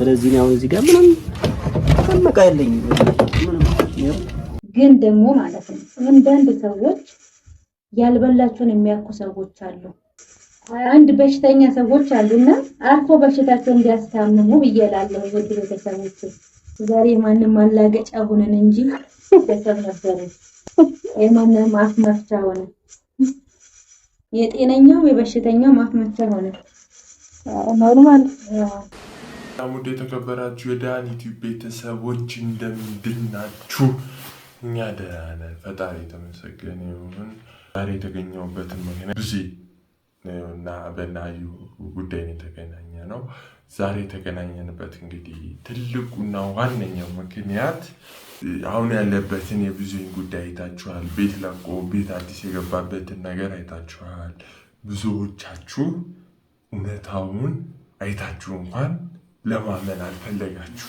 ስለዚህ ነው እዚህ ጋር ምንም ተመቃ ያለኝ ግን ደግሞ ማለት ነው አንዳንድ ሰዎች ያልበላቸውን የሚያኩ ሰዎች አሉ። አንድ በሽተኛ ሰዎች አሉና አርፎ በሽታቸው እንዲያስታምሙ ብዬ እላለሁ። ወደ ቤተሰቦች ዛሬ ማንም ማላገጫ ሆነን እንጂ ቤተሰብ ነበረ። የማንም አፍ መፍቻ ሆነ፣ የጤነኛው የበሽተኛው አፍ መፍቻ ሆነ። ኖርማል ውድ የተከበራችሁ የዳኒት ቤተሰቦች እንደምንድናችሁ? እኛ ደህና ነን፣ ፈጣሪ የተመሰገነ ይሁን። ዛሬ የተገኘሁበትን ምክንያት ብዙ እና በናዩ ጉዳይ የተገናኘ ነው። ዛሬ የተገናኘንበት እንግዲህ ትልቁና ዋነኛው ምክንያት አሁን ያለበትን የብዙን ጉዳይ አይታችኋል። ቤት ለቆ ቤት አዲስ የገባበትን ነገር አይታችኋል። ብዙዎቻችሁ እውነታውን አይታችሁ እንኳን ለማመን አልፈለጋችሁ።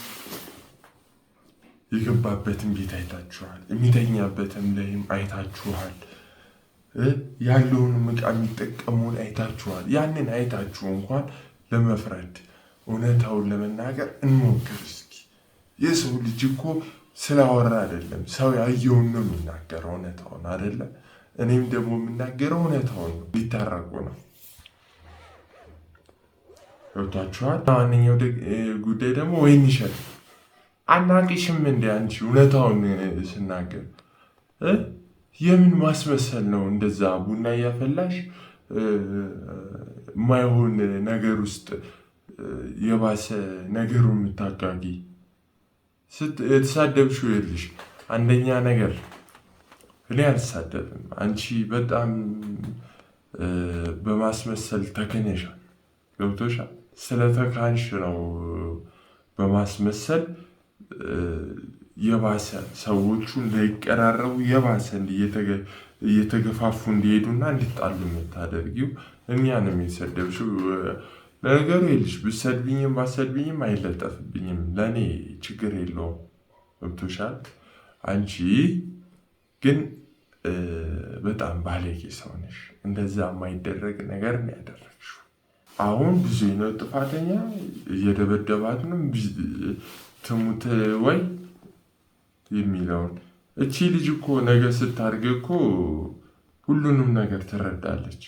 የገባበትም ቤት አይታችኋል። የሚተኛበትም ላይም አይታችኋል። ያለውን እቃ የሚጠቀመውን አይታችኋል። ያንን አይታችሁ እንኳን ለመፍረድ እውነታውን ለመናገር እንሞክር እስኪ። የሰው ልጅ እኮ ስላወራ አይደለም ሰው ያየውን ነው የሚናገረው፣ እውነታውን አይደለም። እኔም ደግሞ የምናገረው እውነታውን ነው። ሊታረቁ ነው። ገብታችኋል። ዋነኛው ጉዳይ ደግሞ ወይን ይሸጥ አናቂሽም እንደ አንቺ እውነታውን ስናገር የምን ማስመሰል ነው? እንደዛ ቡና እያፈላሽ የማይሆን ነገር ውስጥ የባሰ ነገሩ የምታጋጊ የተሳደብሽው የልሽ አንደኛ ነገር እኔ አልሳደብም። አንቺ በጣም በማስመሰል ተከነሻል፣ ገብቶሻል። ስለተካድሽ ነው በማስመሰል የባሰ ሰዎቹ እንዳይቀራረቡ የባሰ እየተገፋፉ እንዲሄዱና እንዲጣሉ የምታደርጊው እኛንም የሰደብሽው። ለነገሩ የልሽ ብሰድብኝም ባሰድብኝም አይለጠፍብኝም፣ ለእኔ ችግር የለውም። ገብቶሻል። አንቺ ግን በጣም ባለጌ ሰው ነሽ። እንደዛ የማይደረግ ነገር ነው ያደረግሽው። አሁን ብዙ ነው ጥፋተኛ እየደበደባት ነው ትሙት ወይ የሚለውን እቺ ልጅ እኮ ነገ ስታድግ እኮ ሁሉንም ነገር ትረዳለች።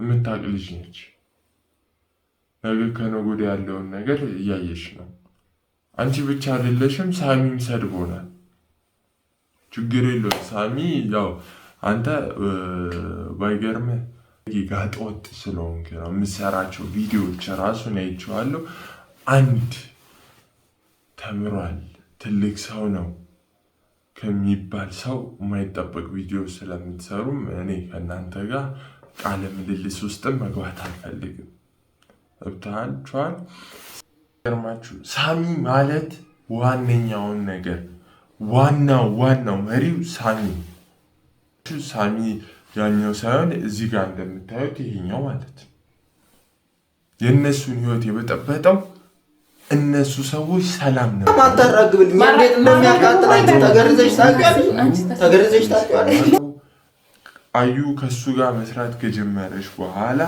የምታቅ ልጅ ነች። ነገ ከነገ ወዲያ ያለውን ነገር እያየች ነው። አንቺ ብቻ አይደለሽም። ሳሚም ሰድቦናል። ችግር የለውም ሳሚ፣ ያው አንተ ባይገርምህ ጋጠወጥ ስለሆንክ ነው የምሰራቸው ቪዲዮዎች ራሱ አይቼዋለሁ። አንድ ተምሯል ትልቅ ሰው ነው ከሚባል ሰው የማይጠበቅ ቪዲዮ ስለምትሰሩም እኔ ከእናንተ ጋር ቃለ ምልልስ ውስጥም መግባት አልፈልግም። እብታችኋል። ገርማችሁ ሳሚ ማለት ዋነኛውን ነገር ዋናው ዋናው መሪው ሳሚ ሳሚ ያኛው ሳይሆን እዚህ ጋር እንደምታዩት ይሄኛው ማለት ነው። የእነሱን ህይወት የበጠበጠው እነሱ ሰዎች ሰላም ነው አዩ ከሱ ጋር መስራት ከጀመረች በኋላ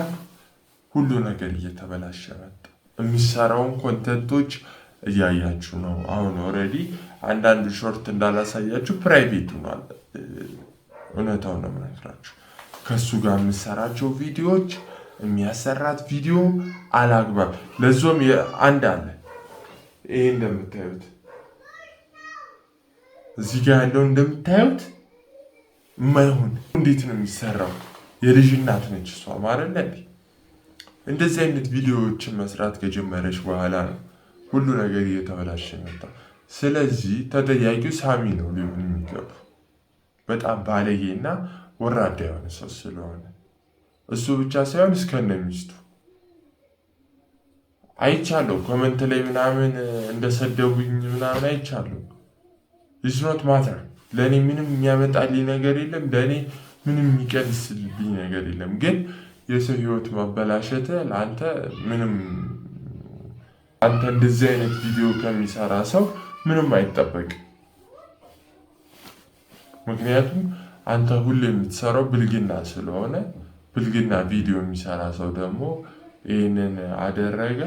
ሁሉ ነገር እየተበላሸ መጣ። የሚሰራውን ኮንተንቶች እያያችሁ ነው። አሁን ኦልሬዲ አንዳንድ ሾርት እንዳላሳያችሁ ፕራይቬት ሆኗል። እውነታው ነው የምነግራችሁ። ከእሱ ጋር የምሰራቸው ቪዲዮዎች የሚያሰራት ቪዲዮ አላግባብ ለዞም አንድ አለ። ይሄ እንደምታዩት እዚህ ጋር ያለው እንደምታዩት የማይሆን እንዴት ነው የሚሰራው? የልጅ እናት ነች እሷ ማለት እንደዚህ አይነት ቪዲዮዎችን መስራት ከጀመረች በኋላ ነው ሁሉ ነገር እየተበላሸ መጣ። ስለዚህ ተጠያቂው ሳሚ ነው ሊሆን የሚገባው። በጣም ባለጌና ወራዳ የሆነ ሰው ስለሆነ እሱ ብቻ ሳይሆን እስከነ ሚስቱ አይቻለሁ። ኮመንት ላይ ምናምን እንደሰደቡኝ ምናምን አይቻለሁ። ኢዝኖት ማተር ለእኔ ምንም የሚያመጣልኝ ነገር የለም። ለእኔ ምንም የሚቀንስልኝ ነገር የለም። ግን የሰው ህይወት ማበላሸት ለአንተ ምንም አንተ እንደዚህ አይነት ቪዲዮ ከሚሰራ ሰው ምንም አይጠበቅም። ምክንያቱም አንተ ሁሌ የምትሰራው ብልግና ስለሆነ ብልግና ቪዲዮ የሚሰራ ሰው ደግሞ ይህንን አደረገ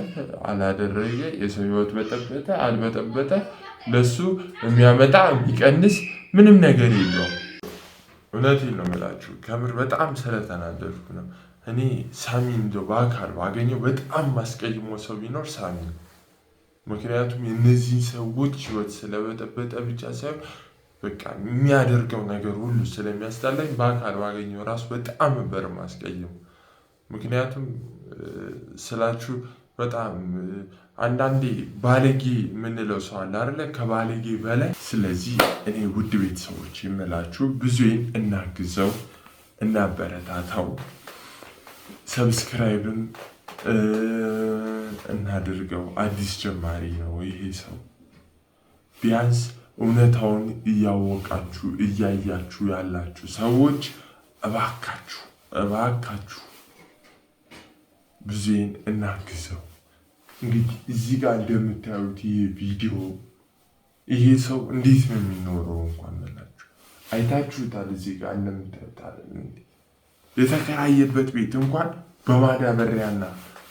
አላደረገ፣ የሰው ህይወት በጠበጠ አልበጠበጠ፣ ለሱ የሚያመጣ የሚቀንስ ምንም ነገር የለውም። እውነቴን ነው የምላችሁ፣ ከምር በጣም ስለተናደድኩ ነው። እኔ ሳሚን እንደው በአካል ባገኘው በጣም ማስቀይሞ ሰው ቢኖር ሳሚ፣ ምክንያቱም የእነዚህን ሰዎች ህይወት ስለበጠበጠ ብቻ ሳይሆን በቃ የሚያደርገው ነገር ሁሉ ስለሚያስጠላኝ በአካል ባገኘው ራሱ በጣም ነበር የማስቀየው። ምክንያቱም ስላችሁ በጣም አንዳንዴ ባለጌ የምንለው ሰው አለ አይደለ? ከባለጌ በላይ። ስለዚህ እኔ ውድ ቤተሰቦች የምላችሁ ብዙዬን እናግዘው፣ እናበረታታው፣ ሰብስክራይብም እናድርገው። አዲስ ጀማሪ ነው ይሄ ሰው ቢያንስ እውነታውን እያወቃችሁ እያያችሁ ያላችሁ ሰዎች እባካችሁ እባካችሁ ብዙን እናግዘው። እንግዲህ እዚህ ጋር እንደምታዩት ይሄ ቪዲዮ ይሄ ሰው እንዴት ነው የሚኖረው? እንኳን መላችሁ አይታችሁታል። እዚህ ጋር እንደምታዩታል የተከራየበት ቤት እንኳን በማዳበሪያና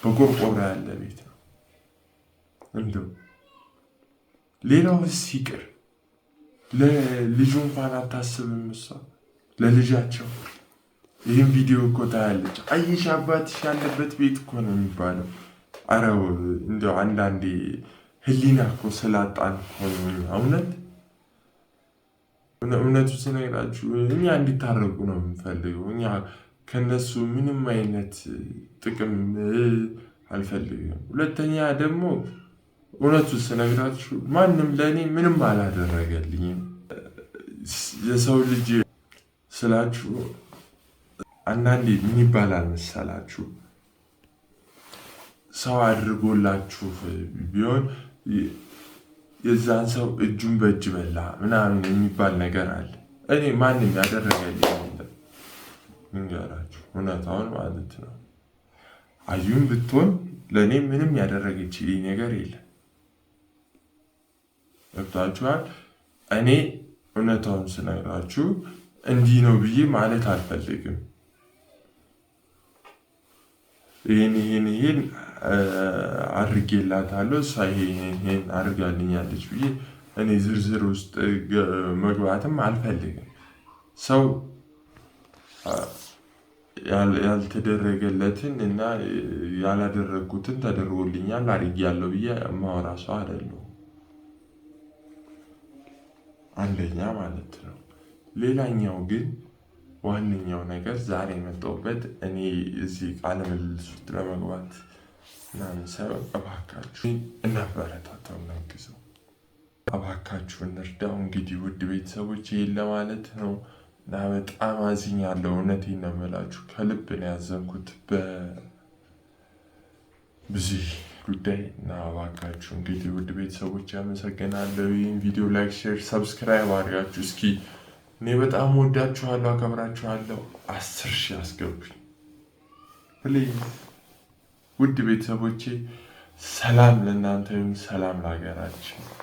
በቆርቆሮ ያለ ቤት ነው። እንደው ሌላውስ ይቅር ለልጁ እንኳን አታስብም እሷ ለልጃቸው። ይህም ቪዲዮ እኮ ታያለች። አይሽ አባትሽ ያለበት ቤት እኮ ነው የሚባለው። አረው እንዲያው አንዳንዴ ህሊና እኮ ስላጣን እውነት እውነቱ ስነግራችሁ እኛ እንዲታረቁ ነው የምንፈልገው። እኛ ከነሱ ምንም አይነት ጥቅም አልፈልግም። ሁለተኛ ደግሞ እውነቱ ስነግራችሁ ማንም ለእኔ ምንም አላደረገልኝም። የሰው ልጅ ስላችሁ አንዳንዴ ምን ይባላል መሰላችሁ ሰው አድርጎላችሁ ቢሆን የዛን ሰው እጁን በእጅ በላ ምናምን የሚባል ነገር አለ። እኔ ማንም ያደረገልኝ ንገራችሁ እውነታውን ማለት ነው። አዩን ብትሆን ለእኔ ምንም ያደረገችልኝ ነገር የለም። ገብታችኋል። እኔ እውነታውን ስነግራችሁ እንዲህ ነው ብዬ ማለት አልፈልግም። ይህን ይህን ይህን አድርጌላታለሁ እሷ ይሄን ይህን አድርጋልኛለች ብዬ እኔ ዝርዝር ውስጥ መግባትም አልፈልግም። ሰው ያልተደረገለትን እና ያላደረግኩትን ተደርጎልኛል አድርጌያለሁ ብዬ ማወራ ሰው አይደለሁም። አንደኛ ማለት ነው። ሌላኛው ግን ዋነኛው ነገር ዛሬ የመጣሁበት እኔ እዚህ ቃለ ምልልስ ውስጥ ለመግባት ምናምን ሳይሆን እባካችሁ እናበረታታው፣ እናግዘው፣ እባካችሁ እንርዳው። እንግዲህ ውድ ቤተሰቦች ይህን ለማለት ነው እና በጣም አዝኛለሁ። እውነቴን ነው የምላችሁ፣ ከልብ ነው ያዘንኩት በብዙ ጉዳይ ናባካችሁ። እንግዲህ ውድ ቤተሰቦች ያመሰግናለሁ። ይህን ቪዲዮ ላይክ፣ ሼር፣ ሰብስክራይብ አድርጋችሁ እስኪ እኔ በጣም ወዳችኋለሁ፣ አከብራችኋለሁ። አስር ሺህ አስገቡኝ ፕሊዝ። ውድ ቤተሰቦቼ ሰላም ለእናንተ ይሁን፣ ሰላም ለሀገራችን።